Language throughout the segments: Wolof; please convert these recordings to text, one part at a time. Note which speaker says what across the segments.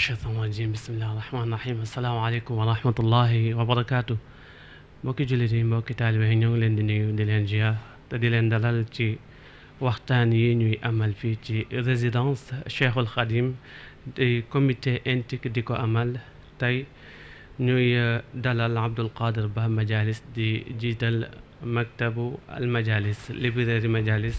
Speaker 1: الشيطان الرجيم بسم الله الرحمن الرحيم السلام عليكم ورحمة الله وبركاته بوكي جلدي بوكي تعلم هنيو لندني دلين جيا تدلين دلال تي وقتان ينوي أمل في تي رزيدانس شيخ الخادم دي كوميتي انتك ديكو أمل تي نوي دلال عبد القادر به مجالس دي جيدل مكتب المجالس لبرير مجالس, المجالس.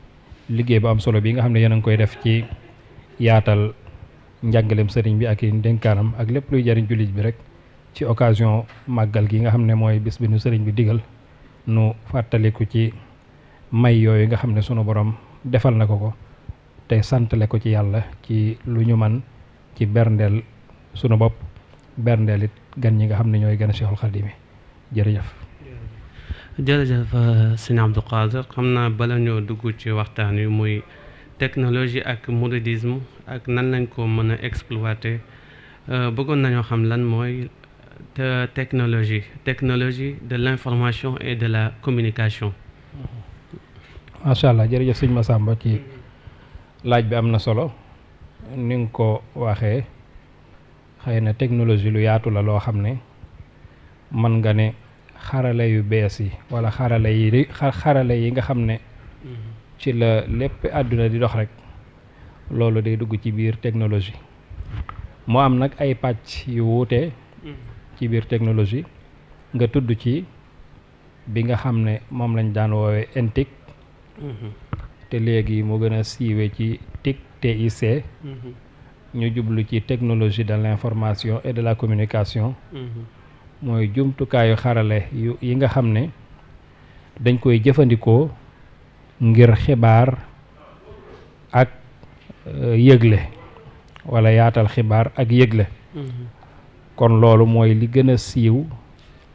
Speaker 2: liggéey bu am solo bi nga xam ne yéen a koy def ci yaatal njàngaleem sëriñ bi ak i dénkaanam ak lépp luy jariñ jullit bi rek ci occasion màggal gi nga xam ne mooy bis bi nu sëriñ bi digal nu fàttaliku ci may yooyu nga xam ne sunu borom defal na ko ko te santale ko ci yàlla ci lu ñu man ci berndeel sunu bopp berndeel it gan ñi nga xam ne ñooy gën a Seexul Xadiim jërëjëf
Speaker 1: jërëjëf euh, sëñ Abdou Khadre xam naa balañoo ñoo dugg ci waxtaan wi muy technologie ak mouridisme ak nan lañ ko mën a exploiter euh, bëggoon nañoo xam lan mooy te technologie technologie de l'information et
Speaker 2: de la communication. macha allah jërëjëf ma Massamba ci laaj bi am na solo ni nga ko waxee xëy na technologie lu yaatu la loo xam ne mën nga ne. xarala yu bees yi wala xarala yi xarala yi nga xam ne ci la lépp àdduna di dox rek loolu day dugg ci biir technologie Moi, am nag ay pàcc yu wuute ci biir technologie nga tudd ci bi nga xam ne moom lañ daan woowee NTIC te léegi mu gën a ci TIC TIC mhm. ñu jublu ci technologie de l'information et de la communication mm -hmm. mooy jumtukaayu xarale yi nga xam ne dañ koy jëfandikoo ngir xibaar ak euh, yëgle walla yaatal xibaar ak yëgle mm-hmm. kon loolu mooy li gën a siiw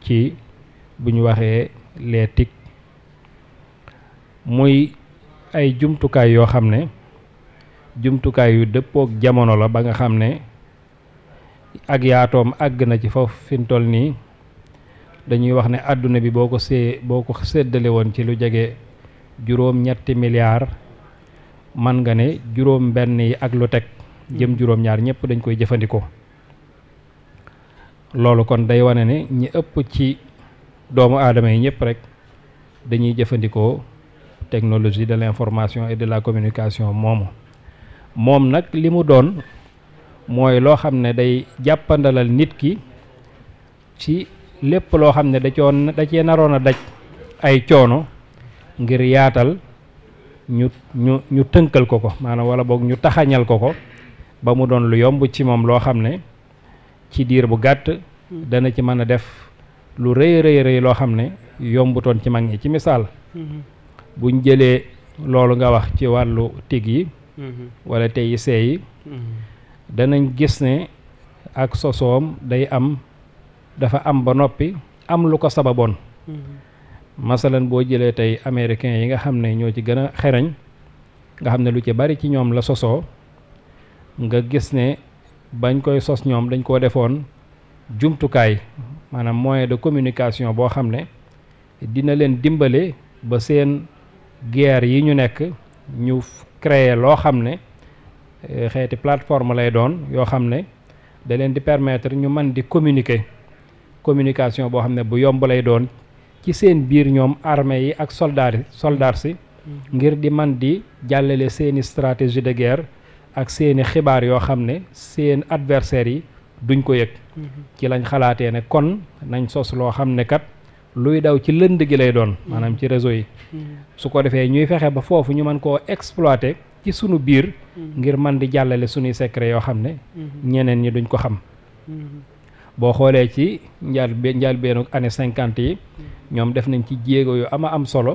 Speaker 2: ci bu ñu waxee les TIC muy ay jumtukaay yoo xam ne jumtukaay yu dëppook jamono la ba nga xam ne ak yaatoom àgg na ci foofu fi mu toll nii dañuy wax ne àdduna bi boo ko see boo ko séddale woon ci lu jege juróom ñetti milliards man nga ne juróom benn yi ak lu teg jëm hmm. juróom ñaar ñëpp dañ koy jëfandikoo loolu kon day wane ne ñi ëpp ci doomu aadama yi ñëpp rek dañuy jëfandikoo technologie de l'information et de la communication moomu moom nag li doon mooy loo xam ne day jàppandalal nit ki ci lépp loo xam ne da naroon a daj ay coono ngir yaatal ñu ñu ñu tënkal ko ko maanaam wala boog ñu taxañal ko ko ba mu doon lu yomb ci moom loo xam ne ci diir bu gàtt dana ci mën a def lu rëy rëy rëy loo xam ne yombutoon ci mag ñi ci misaal mm-hmm. buñ jëlee loolu nga wax ci wàllu tig yi mm-hmm. wala tey yi mm-hmm. danañ gis ne ak sosoom day am dafa am ba noppi am lu ko sababoon mm-hmm. masalan boo jëlee tey américain yi nga xam ne ñoo ci gën a xerañ nga xam ne lu ci bari ci ñoom la sosoo nga gis ne bañ koy sos ñoom dañ koo defoon jumtukaay maanaam moyen de communication boo xam ne dina leen dimbale ba seen guerre yi ñu nekk ñu créer loo xam ne Eh, xeeti plateforme lay doon yoo xam ne da leen di permettre ñu man di communiquer communication boo xam ne bu yomb lay doon ci seen biir ñoom armée yi ak soldats yi si mm-hmm. ngir di man di jàllale seeni stratégie de guerre ak seeni xibaar yoo xam ne seen adversaires yi duñ ko yëg mm-hmm. ci lañ xalaatee ne kon nañ sos loo xam ne kat luy daw ci lënd gi lay doon maanaam ci réseau yi mm-hmm. su ko defee ñuy fexe ba foofu ñu mën koo exploiter ci sunu biir mhm. ngir man di jàllale sunuy secret yoo xam ne mhm. ñeneen ñi duñ ko xam mhm. boo xoolee ci njaal be njaal année cinquante yi ñoom def nañ ci jéego yu ama am solo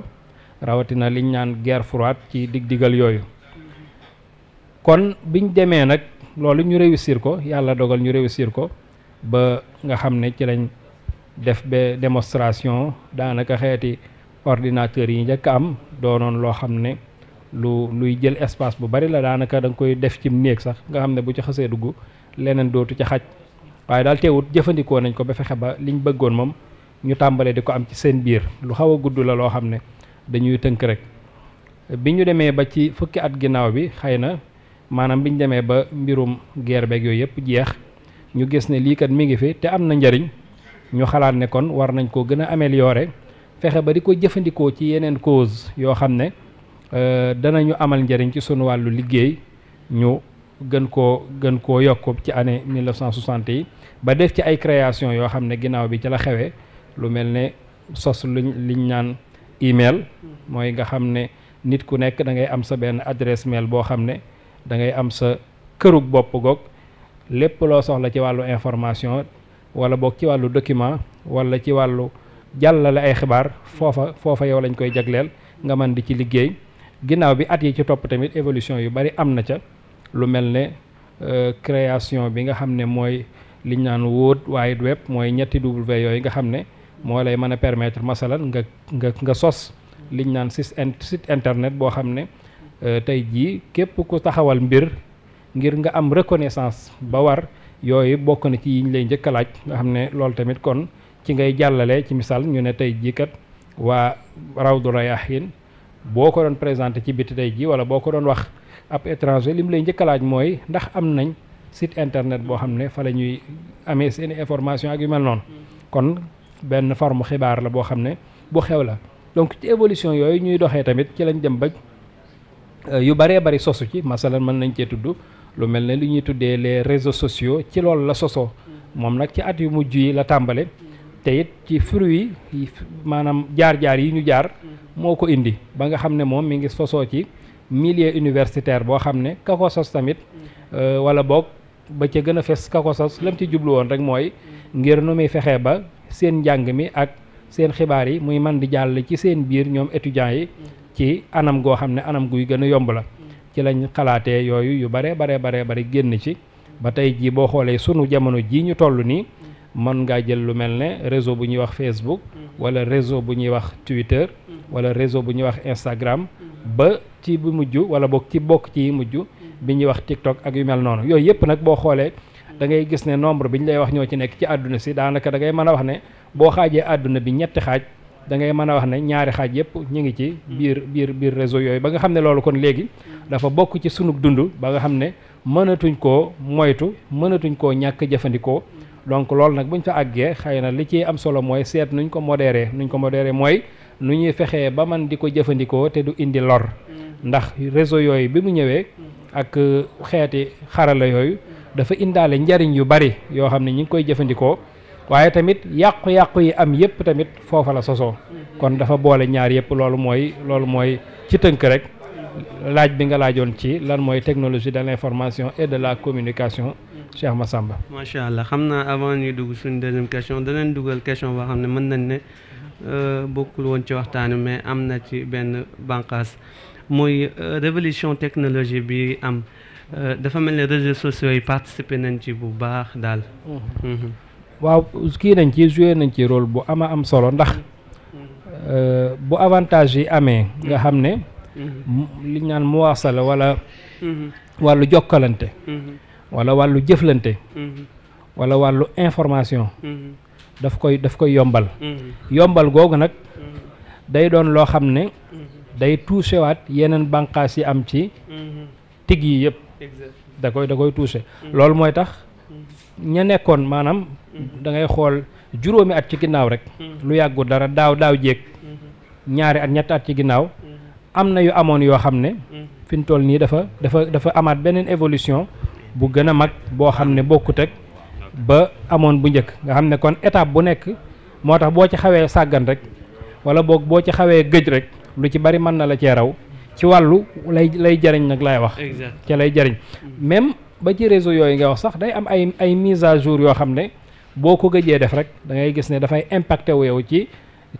Speaker 2: rawatina liñ naan guerre froide ci dig digal yooyu kon biñ demee nag loolu ñu réussir ko yàlla dogal ñu réussir ko ba nga xam ne ci lañ def ba démonstration daanaka xeeti ordinateur yi njëkk am doonoon loo xam ne lu luy jël espace bu bari la daanaka da nga koy def ci néeg sax nga xam ne bu ci xasee dugg leneen dootu ci xaj waaye daal teewut jëfandikoo nañ ko ba fexe ba liñ bëggoon moom ñu tàmbalee di ko am ci seen biir lu xaw a gudd la loo xam ne dañuy tënk rek bi demee ba ci fukki at ginnaaw bi xëy na maanaam bi ñu demee ba mbirum guerre yooyu yëpp jeex ñu gis ne lii kat mi ngi fi te am na njariñ ñu xalaat ne kon war nañ koo gën a améliorer fexe ba di ko jëfandikoo ci yeneen cause yoo xam ne Euh, danañu amal njëriñ ci suñu wàllu liggéey ñu gën koo gën koo yokk ci année 1960 yi ba def ci ay création yoo xam ne ginnaaw bi ci la xewe lu mel ne sos luñ liñ naan email mooy nga xam ne nit ku nekk da ngay am sa benn adresse mail boo xam ne da ngay am sa kërug bopp goog lépp loo soxla ci wàllu information wala boog ci wàllu document wala ci wàllu jàllale ay xibaar foofa foofa yow lañ koy jagleel nga mën di ci liggéey ginnaaw bi at yi ci topp tamit évolution yu bari am na ca lu mel ne euh, création bi nga xam ne mooy liñ ñu naan World Wide Web mooy ñetti W yooyu nga xam ne moo lay mën a permettre masalan nga nga nga sos liñ ñu naan site internet boo xam ne euh, tey jii képp ku taxawal mbir ngir nga am reconnaissance ba war yooyu bokk na ci yi ñu lay njëkk a laaj nga xam ne loolu tamit kon ci ngay jàllale ci misaal ñu ne tey jii kat waa Rawdu Rayaahiin boo ko doon présenté ci biti tey jii wala boo ko doon wax ab étranger li lay njëkk laaj mooy ndax am nañ site internet boo xam ne fa la ñuy amee seen information ak yu mel noonu kon benn forme xibaar la boo xam ne bu xew la donc ci évolution yooyu ñuy doxee tamit ci lañ dem ba euh, yu baree bari sosu ci masalan mën nañ cee tudd lu mel ne li ñuy tuddee les réseaux sociaux ci loolu la sosoo moom nag ci at yu mujj yi la tàmbale te it ci fruit yi maanaam jaar-jaar yi ñu jaar mm-hmm. moo ko indi ba nga xam ne moom mi ngi sosoo ci milieu universitaire boo xam ne ka ko sos tamit mm-hmm. euh, wala boog ba ca gën a fes ka ko sos lam ci jublu woon rek mooy mm-hmm. ngir nu muy fexee ba seen njàng mi ak seen xibaar yi muy man di jàll ci seen biir ñoom étudiants yi ci anam goo xam ne anam guy gën a yomb la ci lañ xalaatee yooyu yu bare bare bare bare génn ci ba tey jii boo xoolee sunu jamono jii ñu toll nii mën ngaa jël lu mel ne réseau bu ñuy wax Facebook mhm. wala réseau bu ñuy wax Twitter mhm. wala réseau bu ñuy wax Instagram mhm. ba ci bu mujj wala boog ci bokk ci mujj bi ñuy wax TikTok ak yu mel noonu yooyu yëpp nag boo xoolee dangay gis ne nombre bi ñu lay wax ñoo ci nekk ci àdduna si daanaka da mën a wax ne boo xaajee àdduna bi ñetti xaaj da ngay mën a wax ne ñaari xaaj yëpp ñu ngi ci biir biir biir réseau yooyu ba nga xam ne loolu kon léegi dafa bokk ci sunug dund ba nga xam ne mënatuñ koo moytu mënatuñ koo ñàkk jëfandikoo donc Lol nak buñ fa li am solo moy sét nuñ ko modéré nuñ ko modéré moy nuñ fexé ba man diko Nous té du indi lor mm-hmm. ndax réseau bi mu mm-hmm. ak euh, mm-hmm. dafa yu bari yo xamni koy tamit yi am yépp tamit la kon dafa ñaar yépp des ci technologie de l'information et de la communication Cheikh Massamba.
Speaker 1: macha allah xamna avant ñu dugg suñu deuxième question da danañ duggal question boo xamne mën nañ ne euh bokul won ci waxtaan mais amna ci ben bankas moy révolution technologie bi am dafa mel ne réseaux sociaux yi participer nañ ci bu baax dal
Speaker 2: waaw ki nañ ci jouer nañ ci rôle bu ama am solo ndax bu avantage yi amé nga xamne ne. li ñu naan muwaasala wala. wàllu jokalante wala walu jëflante mhm. wala walu information mhm. daf koy daf koy yombal mhm. yombal googu nag day doon ne day touché wat yenen bankasi am ci tig yi yeb da koy da koy touché lol moy tax ña manam da ngay xol dara ñaari at at ci bu gën a mag boo xam ne bokkut ak ba amoon bu njëkk nga xam ne kon étape bu nekk moo tax boo ci xawee sàggan rek wala boog boo ci xawee gëj rek lu ci bari mën na la cee raw ci wàllu lay lay jariñ nag laay wax ca lay jariñ même ba ci réseau yooyu nga wax sax day am ay ay mise à jour yoo xam ne boo ko gëjee def rek da ngay gis ne dafay impacté wu ci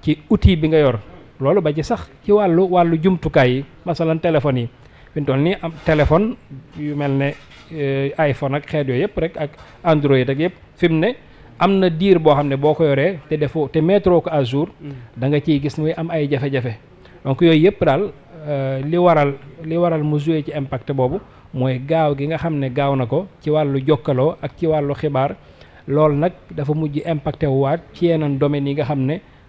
Speaker 2: ci outil bi nga yor loolu ba ci sax ci wàllu wàllu jumtukaay yi masalan téléphone yi fi nii am téléphone yu mel ne eh, iPhone ak xeet yooyu yëpp rek ak Android ak yëpp fi ne am na diir boo xam ne boo ko yoree te defoo te mettre ko à jour. Mm. da nga ciy gis muy am ay jafe-jafe. donc yooyu yëpp daal eh, li waral li waral mu joué ci impact boobu mooy gaaw gi nga xam ne gaaw na ko ci wàllu jokkaloo ak ci wàllu xibaar loolu nag dafa mujj impacté waat ci yeneen domaines yi nga xam ne.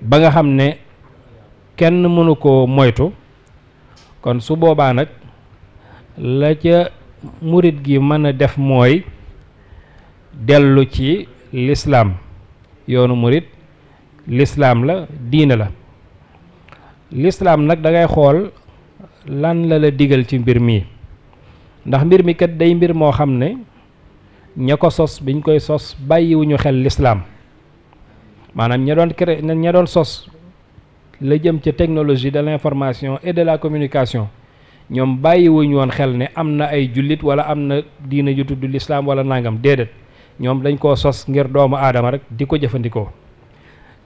Speaker 2: ba nga xam ne kenn mënu koo moytu kon su boobaa nag la ca murit gi mën a def mooy dellu ci lislaam yoonu murit lislaam la diine la lislaam nag dangay xool lan la la digal ci mbir mi ndax mbir mi kat day mbir moo xam ne ña ko sos biñ koy sos bàyyiwuñu xel lislaam manam ña doon créé ña doon sos la jëm ci technologie de l'information et de la communication ñoom bàyyiwuñu won xel ne amna ay julit wala amna na diina ju l'islam wala nangam dedet ñom dañ ko sos ngir doomu adam rek diko jëfëndiko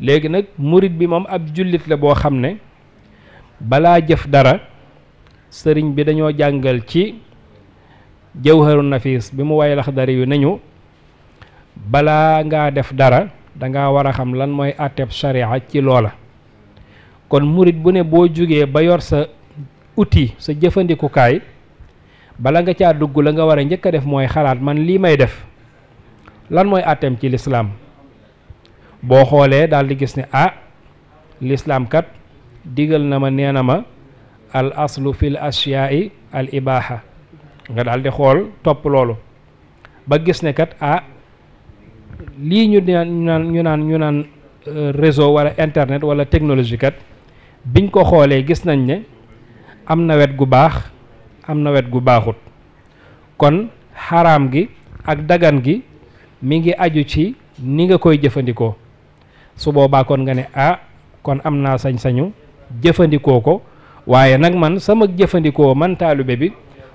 Speaker 2: légui nak mourid bi mom ab julit la bo xam bala jëf dara sëriñ bi dañoo jàngal ci jawharu nafis bi mu way laxdari yu nañu balaa ngaa def dara danga war a xam lan mooy àtteeb sharia ci loola kon murit bu ne boo jógee ba yor sa uti sa jëfandikukaay bala nga caa dugg la nga war a njëkk a def mooy xalaat man lii may def lan mooy àtteem ci lislaam boo xoolee daal di gis ne ah lislaamkat kat digal na ma nee na ma al aslu fil ashyaa'i al ibaaha nga daal di xool topp loolu ba gis ne kat ah lii ñu naan ñu naan ñu naan euh, réseau wala internet wala technologie kat biñ ko xoolee gis nañ ne am na wet gu baax am na wet gu baaxut kon xaraam gi ak dagan gi mi ngi aju ci ni nga koy jëfandikoo su boobaa kon nga ne ah kon am naa sañ-sañu jëfandikoo ko waaye nag man sama jëfandikoo man taalibe bi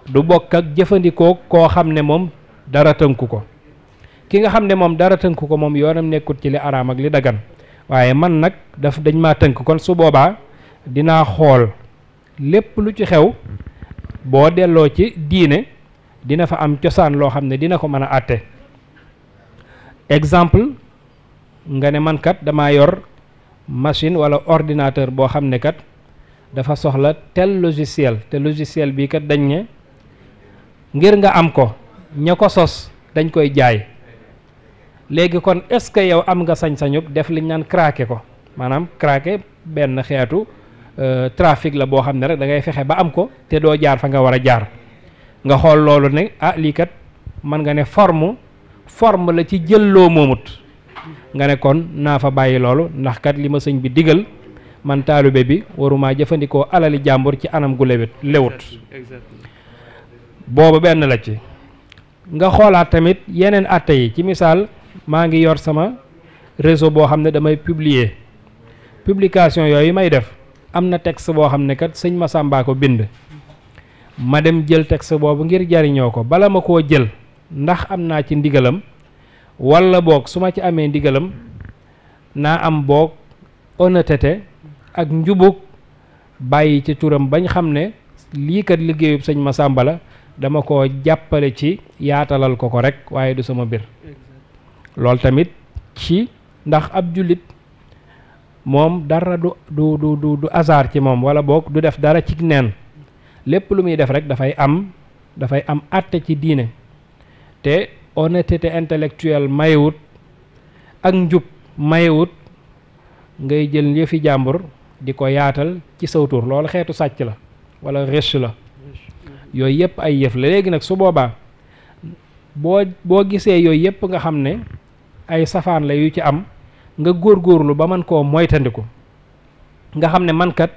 Speaker 2: du bokk ak jëfandikoo koo xam ne moom dara tënku ko ki nga xam ne moom dara tënk ko moom yoonam nekkut ci li araam ak li dagan waaye man nag daf dañ maa tënk kon su boobaa dinaa xool lépp lu ci xew boo delloo ci diine dina fa am cosaan loo xam ne dina ko mën a àtte exemple nga ne man kat damaa yor machine walla ordinateur boo xam ne kat dafa soxla tel logiciel te logiciel bii kat dañ ne ngir nga am ko ña ko sos dañ koy jaay léegi kon est-ce que yow am nga sañ-sañub def liñ naan craqué ko maanaam craqué benn xeetu euh, trafic la boo xam ne rek da ngay fexe ba am ko te doo jaar fa nga war a jaar nga xool loolu ne ah lii kat mën nga ne forme form la ci jël loo moomut nga ne kon naa fa bàyyi loolu ndax kat li ma sëñ bi digal man taalibe bi warumaa jëfandikoo alali jàmbur ci anam gu lewet lewut boobu benn la ci nga xoolaat tamit yeneen atte yi ci misaal maa ngi yor sama réseau boo xam ne damay publier publication yooyu may def am na texte boo xam ne kat sëñ Massamba ko bind ma dem jël texte boobu ngir jariñoo ko bala ma koo jël ndax am naa ci ndigalam walla boog su ma ci amee ndigalam naa am boog honnêteté ak njubug bàyyi ci turam bañ xam ne lii kat liggéeyub sëñ Massamba la dama ko jàppale ci yaatalal ko ko rekk waaye du sama bir Lol, tamit ci ndax ab julit mom dara du du du du du azar ci mom wala bok du def dara ci nen lepp lu muy def rek fay am fay am atté ci diiné te honnêteté intellectuelle mayewut ak njub mayewut ngay jël yëfi fi di diko yaatal ci tour lol xétu sacc la wala resh la yoy yep ay yef la léegi nag su boba bo bo gisee yoy yep nga ay safaan la yu ci am nga góor góorlu ba man koo moytandiku nga xam ne mankat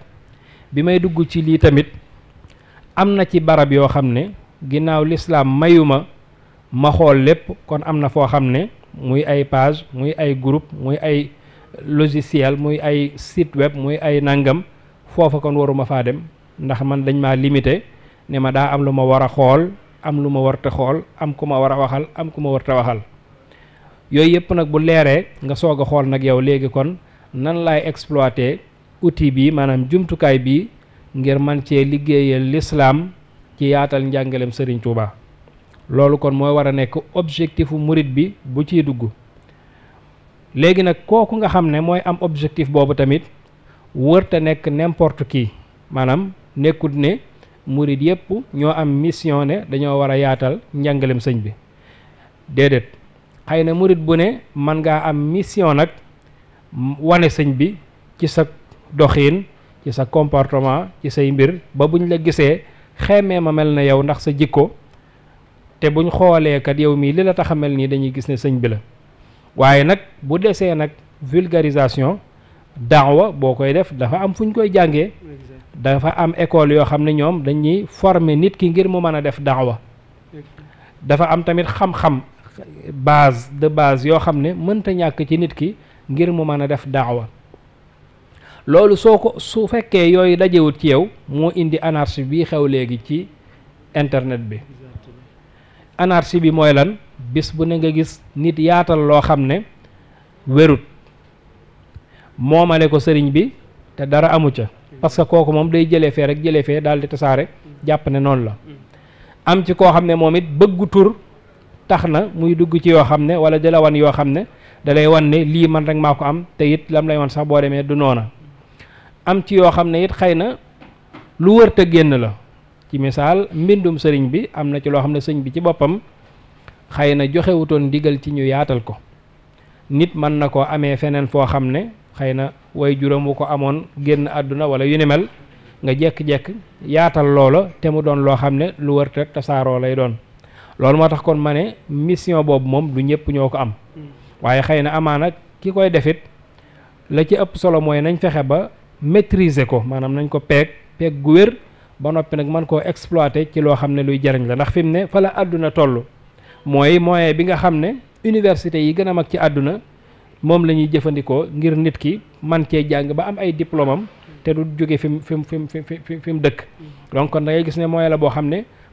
Speaker 2: bi may dugg ci lii tamit am na ci barab yoo xam ne ginnaaw lislaam mayuma ma xool lépp kon am na foo xam ne muy ay page muy ay groupe muy ay logiciel muy ay site muy ay nangam foofa kon waruma faa dem ndax man dañ ma limité ne ma daa am lu ma war a xool am lu ma warta xool am ku ma war a waxal am ku ma warte waxal yooyu yëpp nag bu leeree nga soog a xool nag yow léegi kon nan laay exploiter uti bi maanaam jumtukaay bi ngir man cee liggéeyal lislaam ci yaatal njàngaleem sëriñ Touba loolu kon mooy war a nekk objectifu murit bi bu ciy dugg léegi nag kooku nga xam ne mooy am objectif boobu tamit wërta nekk n'importe qui maanaam nekkut ne murit yëpp ñoo am mission ne dañoo war a yaatal njàngaleem sëñ bi déedéet xëy na murit bu ne man ngaa am mission nag wane sëñ bi ci sa doxin ci sa comportement ci say mbir ba buñ la gisee xeemee ma mel na yow ndax sa jikko te buñ xoolee kat yow mii li la tax a mel nii dañuy gis ne sëñ bi la waaye nag bu desee nag vulgarisation daawa boo koy def dafa am fu ñu koy jàngee dafa am école yoo xam ne ñoom dañuy former nit ki ngir mu mën a def daawa dafa am tamit xam-xam base de base yoo xam ne mënta ñàkk ci nit ki ngir mu mën a def daawa loolu soo ko su fekkee yooyu dajewut ci yow moo indi anarchie bi xew léegi ci internet bi anarchie bi mooy lan bis bu ne nga gis nit yaatal loo xam ne wérut moomale ko sëriñ bi te dara amu ca parce que kooku moom day jëlee fee rek jëlee fee daal di tasaare jàpp ne noonu la am ci koo xam ne moom it bëggu tur tax na muy dugg ci yoo xam ne wala di la wan yoo xam ne da wan ne lii man rek maa ko am te it lam lay wan sax boo demee du noona am ci yoo xam ne it xëy na lu wër génn la ci misaal mbindum sëriñ bi am na ci loo xam ne sëñ bi ci boppam xëy na joxewutoon digal ci ñu yaatal ko nit mën na koo amee feneen foo xam ne xëy na way juróom wu ko amoon génn àdduna wala yu mel nga jekk-jekk yaatal loolo te mu doon loo xam ne lu wër te tasaaroo lay doon loolu moo tax kon ma ne mission boobu moom du ñëpp ñoo ko am hmm. waaye xëy na amaana ki koy defit la ci ëpp solo mooy nañ fexe ba maîtriser ko maanaam nañ ko peeg peeg gu wér ba noppi nag mën koo exploité ci loo xam ne luy jariñ la ndax fi mu ne fa la àdduna toll mooy moyen bi nga xam ne université yi gën a mag ci àdduna moom la ñuy jëfandikoo ngir nit ki man cee jàng ba am ay diplomam te du jóge fi mu fi mu fi mu dëkk hmm. donc kon da gis ne moyen la boo xam ne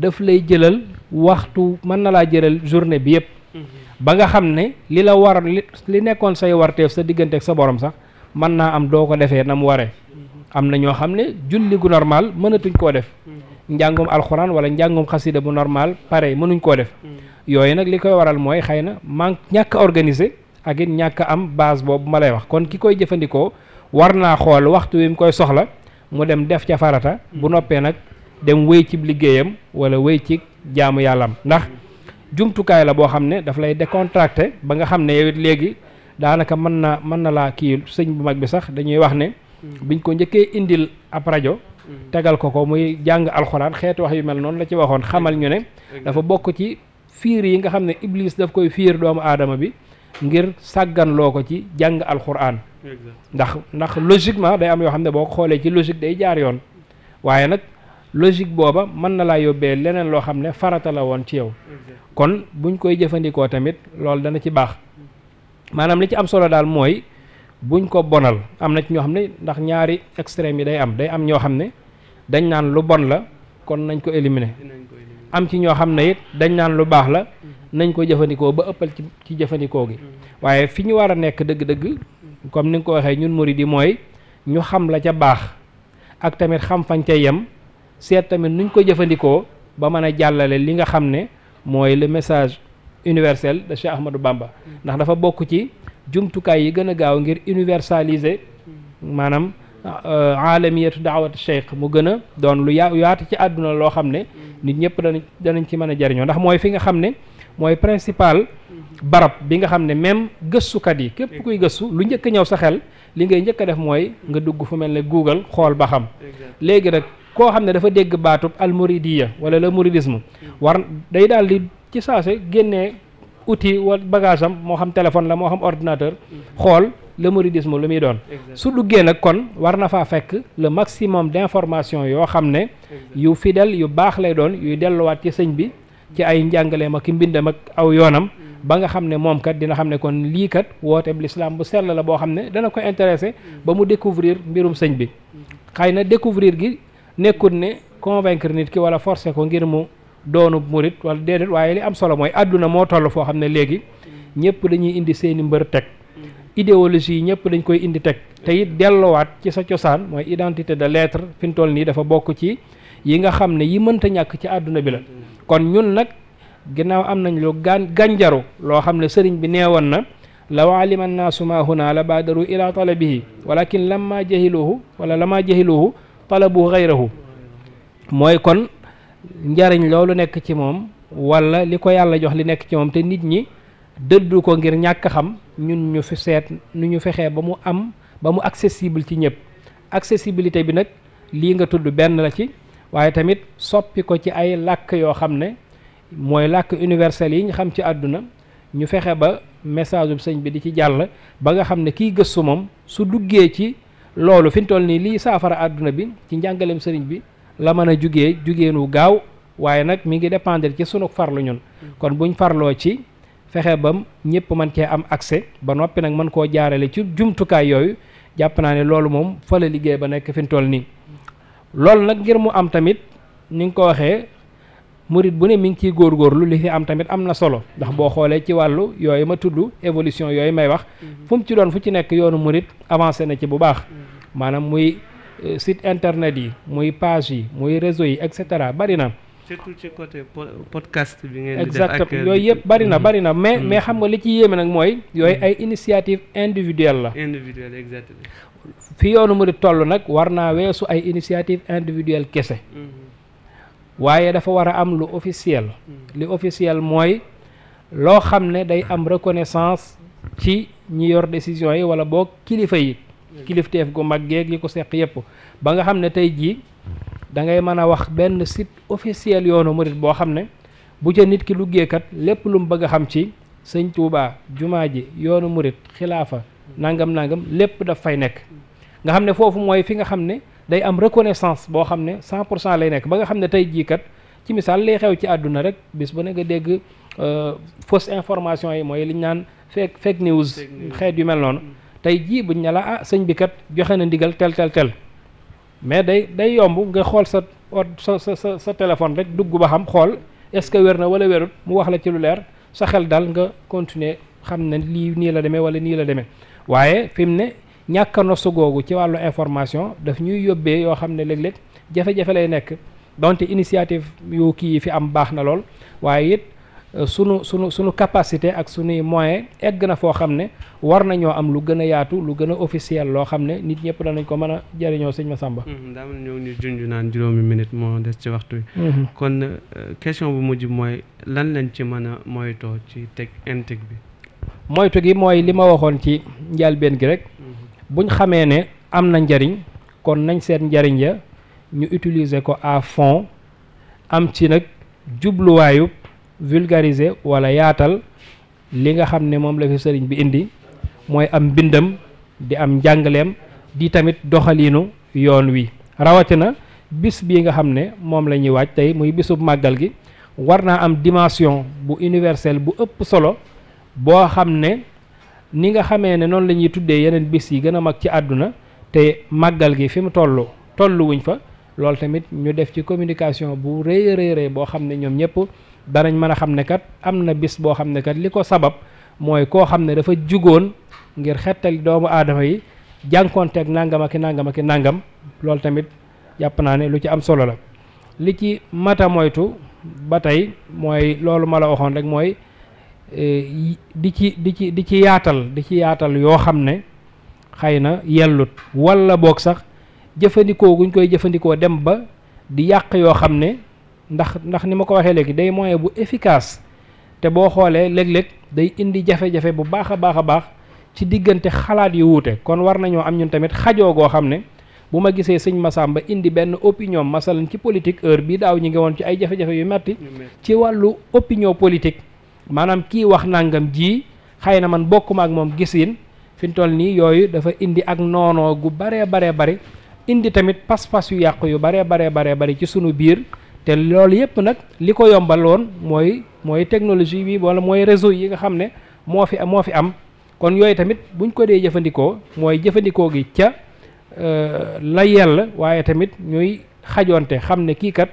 Speaker 2: daf lay jëlal waxtu man na la jëlal journée bi yëpp mhm. ba nga xam ne li la war li nekkoon say warteef sa diggante ak sa borom sax man naa am doo ko defee na mu waree mhm. am na ñoo xam julli gu normal mënatuñ koo def mhm. njàngum alxuraan wala njàngum xasida bu normal pare mënuñ koo def yooyu nag li waral mooy xëy na nyaka ñàkk organisé ak it am base boobu ma lay wax kon ki koy jëfandikoo war naa xool waxtu wi mu koy soxla mu dem def ca farata bu noppee nag dem wéy ci liggéeyam wala wéy ci jaamu yàllaam ndax jumtukaay la boo xam ne daf lay décontracté ba nga xam ne yow it léegi daanaka mën na mën na laa kii sëñ bu mag bi sax dañuy wax ne biñ ko njëkkee indil ab rajo tegal ko ko muy jàng alxuraan xeetu wax yu mel noonu la ci waxoon xamal ñu ne dafa bokk ci fiir yi nga xam ne iblis daf koy fiir doomu aadama bi ngir sàgganloo ko ci jàng alxuraan ndax ndax logiquement day am yoo xam ne boo ko xoolee ci logique day jaar yoon logique booba mën na laa yóbbee leneen loo xam ne farata la woon ci yow kon buñ koy jëfandikoo tamit loolu dana ci baax maanaam li ci am solo daal mooy buñ ko bonal am na ci ñoo xam ne ndax ñaari extrême yi day am day am ñoo xam ne dañ naan lu bon la kon nañ ko éliminer am ci ñoo xam ne it dañ naan lu baax la mm-hmm. nañ ko jëfandikoo ba ëppal ci ci jëfandikoo gi mm-hmm. waaye fi ñu war a nekk dëgg-dëgg comme ni nga ko waxee ñun murid di mooy ñu xam la ca baax ak tamit xam fañ yem seet tamit nuñ ko jëfandikoo ba mën a jàllale li nga xam ne mooy le message universel de Cheikh Ahmadou Bamba ndax dafa bokk ci jumtukaay yi gën a gaaw ngir universaliser maanaam euh, aalamiyatu daawat cheikh mu gën a doon lu yaa yaatu ci àdduna loo xam ne nit ñëpp danañ danañ ci mën a jariñoo ndax mooy fi nga xam ne mooy principal barab bi nga xam ne même gëstukat yi képp kuy gëstu lu njëkk ñëw sa xel li ngay njëkk a def mooy nga dugg fu mel ne Google xool ba xam koo xam ne dafa dégg baatub almuridiya wala le mouridisme war day daal di ci saase génnee uti wala bagage am moo xam téléphone la moo xam ordinateur xool le mouridisme lu muy doon su duggee nag kon war na faa fekk le maximum d'information yoo xam ne yu fidèle yu baax lay doon yuy delluwaat ci sëñ bi ci ay njàngaleem ak mbindam ak aw yoonam mm. ba nga xam ne moom kat dina xam ne kon lii kat wooteeb lislaam bu sell la boo xam ne dana ko intéressé ba mu découvrir mbirum sëñ bi mm. xëy na découvrir gi nekkut ne convaincre nit ki wala forcer ko ngir mu doonu murit wala déedéet waaye li am solo mooy àdduna moo toll foo xam ne léegi ñëpp dañuy indi seeni mbër teg idéologie yi ñëpp dañ koy indi teg te it delluwaat ci sa cosaan mooy identité de l'être fi mu toll nii dafa bokk ci yi nga xam ne yi mënta ñàkk ci àdduna bi la kon ñun nag ginnaaw am nañ lu gan gànjaru loo xam ne sëriñ bi neewoon na law alima annaasu ma huna la baadaru ila talabihi walakin lamma jahiluhu wala lamma jahiluhu talabu xayrahu mooy kon njariñ loolu nekk ci moom walla li ko yàlla jox li nekk ci moom te nit ñi dëddu ko ngir ñàkk xam ñun ñu fi seet nu ñu fexee ba mu am ba mu accessible ci ñëpp accessibilité bi nag lii nga tudd benn la ci waaye tamit soppi ko ci ay làkk yoo xam ne mooy làkk universel yi ñu xam ci àdduna ñu fexe ba message bu sëñ bi di ci jàll ba nga xam ne kiy gëstu moom su duggee ci loolu fi ñu toll nii lii saafara àdduna bi ci njàngaleem sëriñ bi la mën a jugee jugeenu gaaw waaye nag mi ngi dépendre ci sunu farlu ñun kon buñ farloo ci fexe bam ñëpp mën cee am accès ba noppi nag mën koo jaarale ci jumtukaay yooyu jàpp naa ne loolu moom fa la liggéey ba nekk fi toll nii loolu nag ngir mu am tamit ni nga ko waxee murit bu ne mi ngi ciy góorgóorlu li fi am tamit am na solo ndax boo xoolee ci wàllu yooyu ma tudd évolution yooyu may wax mhm. fu mu ci doon fu ci nekk yoonu murit avancé na ci bu baax mhm. maanaam muy euh, site internet yi muy page yi muy réseau yi et cetera bari na
Speaker 1: surtout ci côté podcast bi ngeen di def ak exactement yooyu yëpp bari na mhm. bari na mais mais
Speaker 2: xam nga li ci yéeme nag mooy yooyu ay initiative individuelle la
Speaker 1: individuelle exactement
Speaker 2: fi yoonu murit toll nag war naa weesu ay initiative individuelle kese waaye dafa war a am lu officiel hmm. li officiel mooy loo xam ne day am reconnaissance ci ñi yor décision yi wala boog kilifa yi hmm. kilifteef gu mag geeg yi ko seq yépp ba nga xam ne tey jii da ngay mën a wax benn site officiel yoonu murit boo xam ne bu ca nit ki luggeekat lépp lu mu bëgg a xam ci sëñ Tuubaa jumaa ji yoonu murit xilaafa nangam hmm. nangam lépp daf fay nekk nga xam ne foofu mooy fi nga xam ne day am reconnaissance bo xamne 100 lay nek ba nga xamne tay ji kat ci misal lay xew ci aduna rek bis bu ne nga dégg fausse information yi moy li ñu naan fake fake news xeet yu mel non tay ji bu ñala ah sëñ bi kat joxe na ndigal tel tel tel mais day day yomb nga xol sa sa sa téléphone rek dugg ba xam xol est-ce que werna wala wérut mu wax la ci lu leer sa xel dal nga continuer xam ne lii nii la deme wala ni la deme waye fi ne ñàkk a nosu googu ci wàllu information daf ñuy yóbbee yoo xam ne léeg-léeg jafe-jafe lay nekk donte initiative yu kii yi fi am baax na lool waaye it euh, sunu sunu sunu capacité ak sunuy moyen egg na foo xam ne war nañoo am lu gën a yaatu lu gën a officiel loo xam ne nit ñëpp danañ ko mën a jëriñoo sëñ ma hmm, daa mel ñoo
Speaker 1: ngi junj naan juróomi minute moo des ci waxtu wi. Hmm. kon euh, question bu mujj mooy lan lañ ci mën a moytoo ci teg integ
Speaker 2: bi. moytu gi mooy li ma waxoon ci njëlbeen gi rek. buñ xamee ne am na njariñ kon nañ seet njariñ ya ñu utiliser ko à fond am ci nag jubluwaayu vulgariser walla yaatal li nga xam ne moom la fi sëriñ bi indi mooy am mbindam di am njàngaleem di tamit doxaliinu yoon wi rawatina bis bii nga xam ne moom la ñuy waaj tey muy bisub màggal gi war naa am dimension bu universelle bu ëpp solo boo xam ne ni nga xamee ne noonu la ñuy tuddee yeneen bis yi gën a mag ci àdduna te màggal gi fi mu toll tollu wuñ fa loolu tamit ñu def ci communication bu rëy rëy rëy boo xam ne ñoom ñëpp danañ mën a xam ne kat am na bis boo xam ne kat li ko sabab mooy koo xam ne dafa jugoon ngir xettali doomu aadama yi jànkoonteeg nangam ak i ak nangam loolu tamit jàpp naa ne lu ci am solo la li ci mata moytu ba tey mooy loolu ma la waxoon rek mooy Eh, di ci di ci di ci yaatal di ci yaatal yoo xam ne xëy na yellut walla boog sax jëfandikoo guñ koy jëfandikoo dem ba di yàq yoo xam ne ndax ndax ni ma ko waxee léegi day moyen bu efficace te boo xoolee léeg-léeg day indi jafe-jafe bu baax a baax a baax ci diggante xalaat yu wuute kon war nañoo am ñun tamit xajoo goo xam ne bu ma gisee sëñ Massamba indi benn opinion masalan ci politique heure bii daaw ñi ngi woon ci ay jafe-jafe yu metti ci wàllu opinion politique maanaam kii wax nangam ji xëy na man bokkuma ak moom gisin fi mu toll nii yooyu dafa indi ak noonoo gu baree baree bari indi tamit pas-pas yu yàq yu baree baree baree bari ci sunu biir te loolu yépp nag li ko yombaloon mooy mooy technologie bi walla mooy réseau yi nga xam ne moo fi moo fi am kon yooyu tamit buñ ko dee jëfandikoo mooy jëfandikoo gi ca euh, la yell waaye tamit ñuy xajonte xam ne kii kat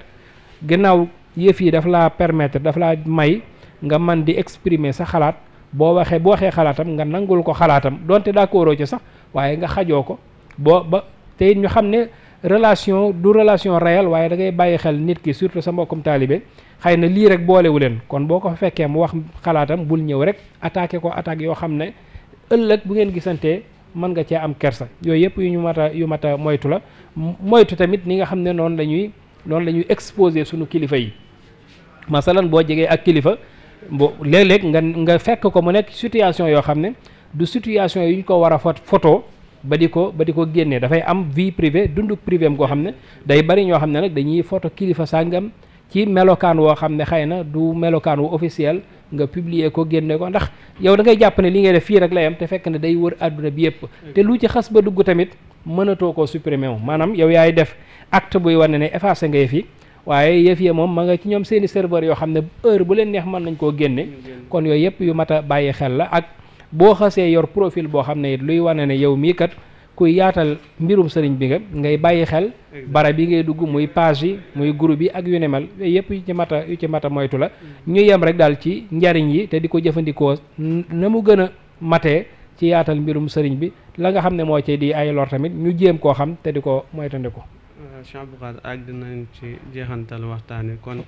Speaker 2: ginnaaw yëf yi daf laa permettre dafa laa may nga man di exprimer sa xalaat boo waxee bu waxee xalaatam nga nangul ko xalaatam donte d'accord ci sax waaye nga xajoo ko boo ba te it ñu xam ne relation du relation réelle waaye da ngay bàyyi xel nit ki surtout sa mbokkum taalibe xëy na lii rek boolewu leen kon boo ko fekkee mu wax xalaatam bul ñëw rek attaqué ko attaque yoo xam ne ëllëg bu ngeen gisantee mën nga cee am kersa yooyu yëpp yu ñu mat a yu mat a moytu la moytu tamit ni nga xam ne noonu la ñuy la ñuy exposé sunu kilifa yi masalan boo jegee ak kilifa bo léeg-léeg nga nga fekk ko mu nekk situation yoo xam ne du situation yu ñu ko war a photo ba di ko ba di ko génnee dafay am vie privée dunduk privé am koo xam ne day bari ñoo xam ne nag dañuy photo kilifa sàngam ci melokaan woo xam ne xëy na du melokaan wu officiel nga publier ko génne ko ndax yow da ngay jàpp ne li ngay def fii rek lay am te fekk ne day wër àdduna bi yépp te lu ci xas ba dugg tamit mënatoo ko supprimer wu maanaam yow yaay def acte buy wane ne effacé ngay fi waaye yëf ya moom ma nga ci ñoom seeni serveur yoo xam ne heure bu leen neex mën nañ koo génne kon yooyu yëpp yu mat a bàyyi xel la ak boo xasee yor profil boo xam ne it luy wane ne yow mii kat kuy yaatal mbirum sëriñ bi nga ngay bàyyi xel barab yi ngay dugg muy page yi muy groupe yi ak yu ne mel yëpp yu ci mat a yu ci mat a moytu la mm. ñu yem rek daal ci njariñ yi te di ko jëfandikoo na mu gën a matee ci yaatal mbirum sëriñ bi la nga xam ne moo ci di ay lor tamit ñu jéem koo xam te di ko ko
Speaker 1: Cheikh Boucar ak dinañ ci jeexantal waxtaan kon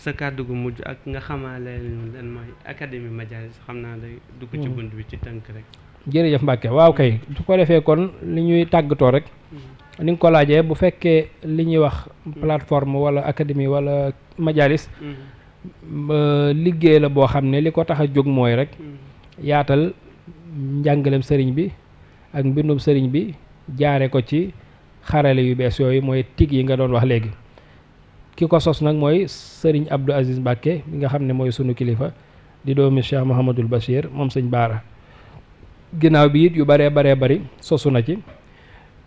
Speaker 1: sa kàddu gu mujj ak nga xamaale ñu leen mooy académie Madias xam naa day dugg ci hmm. bunt bi ci tënk rek
Speaker 2: jërëjëf Mbacke waaw kay su ko defee kon li ñuy tàggatoo rek hmm. ni nga ko laajee bu fekkee li ñuy wax hmm. plateforme wala académie wala Madias euh, liggéey la boo xam ne li ko tax a jóg mooy rek yaatal njàngalem sëriñ bi ak mbindum sëriñ bi jaare ko ci xarale yu bees yooyu mooy tig yi nga doon wax léegi ki ko sos nag mooy sëriñ Abdou Aziz Mbacke bi nga xam ne mooy sunu kilifa di doomi Cheikh Mouhamadul Bachir moom sañ Baara ginnaaw bi it yu baree baree bari sosu na ci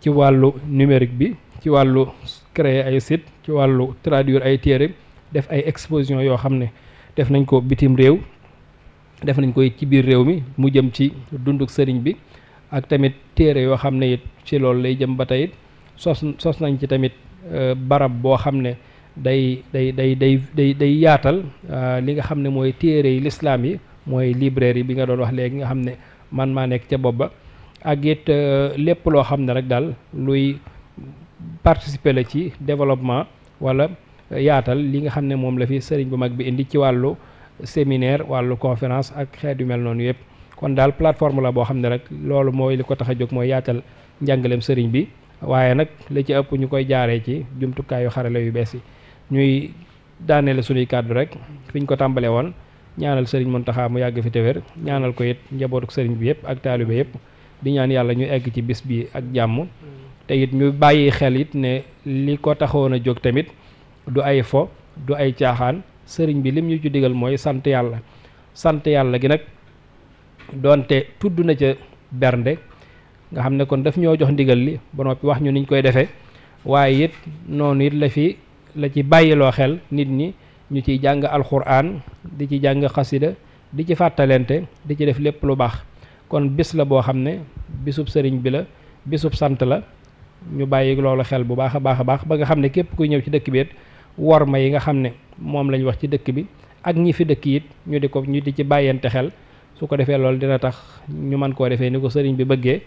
Speaker 2: ci wàllu numérique bi ci wàllu créer ay site ci wàllu traduire ay téere def ay exposition yoo xam ne def nañ ko bitim réew def nañ ko koy ci biir réew mi mu jëm ci dunduk sëriñ bi ak tamit téere yoo xam ne it ci loolu lay jëm ba tey sos sos nañ ci tamit euh, barab bo xamne day day day day day yaatal euh, li nga xamne moy téré l'islam yi bi nga doon wax légui nga xamne man maa nekk ca bobba ak it euh, lepp lo xamne rek dal luy participer la ci développement wala yaatal li nga xamne mom la fi serigne bu mag bi indi ci walu séminaire walu conférence ak xéet yu mel non yépp kon dal plateforme la bo xamne rek lolu moy li ko yaatal njangalem serigne bi waaye nag li ci ëpp ñu koy jaaree ci jumtukaayu xarale yu bees yi ñuy daaneele suñuy kàddu rek fi ko tàmbale woon ñaanal sëriñ Mountakha mu yàgg fi téwér ñaanal ko it njabootu sëriñ bi yëpp ak taalibe yëpp di ñaan yàlla ñu egg ci bis bi ak jàmm te it ñu bàyyi xel it ne li ko taxawoon a jóg tamit du ay fo du ay caaxaan sëriñ bi lim ñu ci digal mooy sant yàlla sant yàlla gi nag doonte tudd na ca bernde nga xam ne kon daf ñoo jox ndigal li ba noppi wax ñu niñ koy defee waaye it noonu it la fi la ci bàyyiloo xel nit ñi ñu ciy jàng alxuraan di ci jàng xasida di ci fàttalente di ci def lépp lu baax kon bis la boo xam ne bisub sëriñ bi la bisub sant la ñu bàyyi loolu xel bu baax a baax a baax ba nga xam ne képp kuy ñëw ci dëkk bi it war ma yi nga xam ne moom lañ wax ci dëkk bi ak ñi fi dëkk it ñu di ko ñu di ci bàyyante xel su ko defee loolu dina tax ñu mën koo defee ni ko sëriñ bi bëggee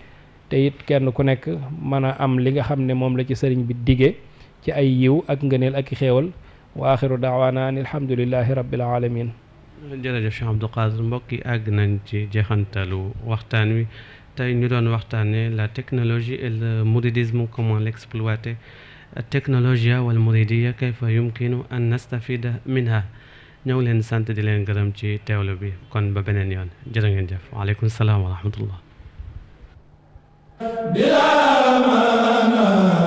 Speaker 2: te it kenn ku nekk mën a am li nga xam ne moom la ci sëriñ bi dige ci ay yiw ak ngëneel ak i xéewal wa axiru daawaana an alhamdulilahi rabbil alamin
Speaker 1: jërëjëf Cheikh Abdou Khadr mbokk yi àgg nañ ci jeexantalu waxtaan wi tey ñu doon waxtaane la technologie et le mouridisme comment l'exploiter التكنولوجيا والمريدية كيف يمكن أن نستفيد منها ñoo leen sant di leen gërëm ci teewlu bi kon ba beneen yoon jërë ngeen jëf waaleykum salaam wa rahmatullah
Speaker 2: bila